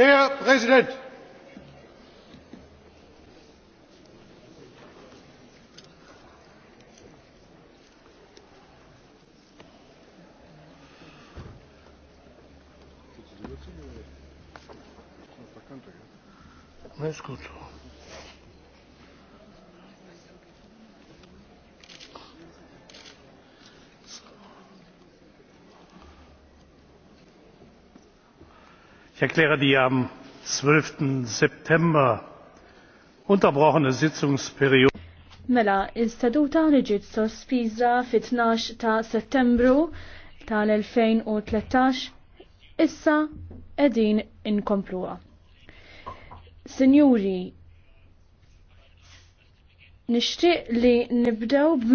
Der Präsident! Ma escucho. ich erkläre die am. zwölf september unterbrochene sitzungsperiode Mela, is-seduta li ġiet sospiża fit-12 ta' Settembru tal-2013 issa qegħdin inkompluha. Sinjuri, nixtieq li nibdew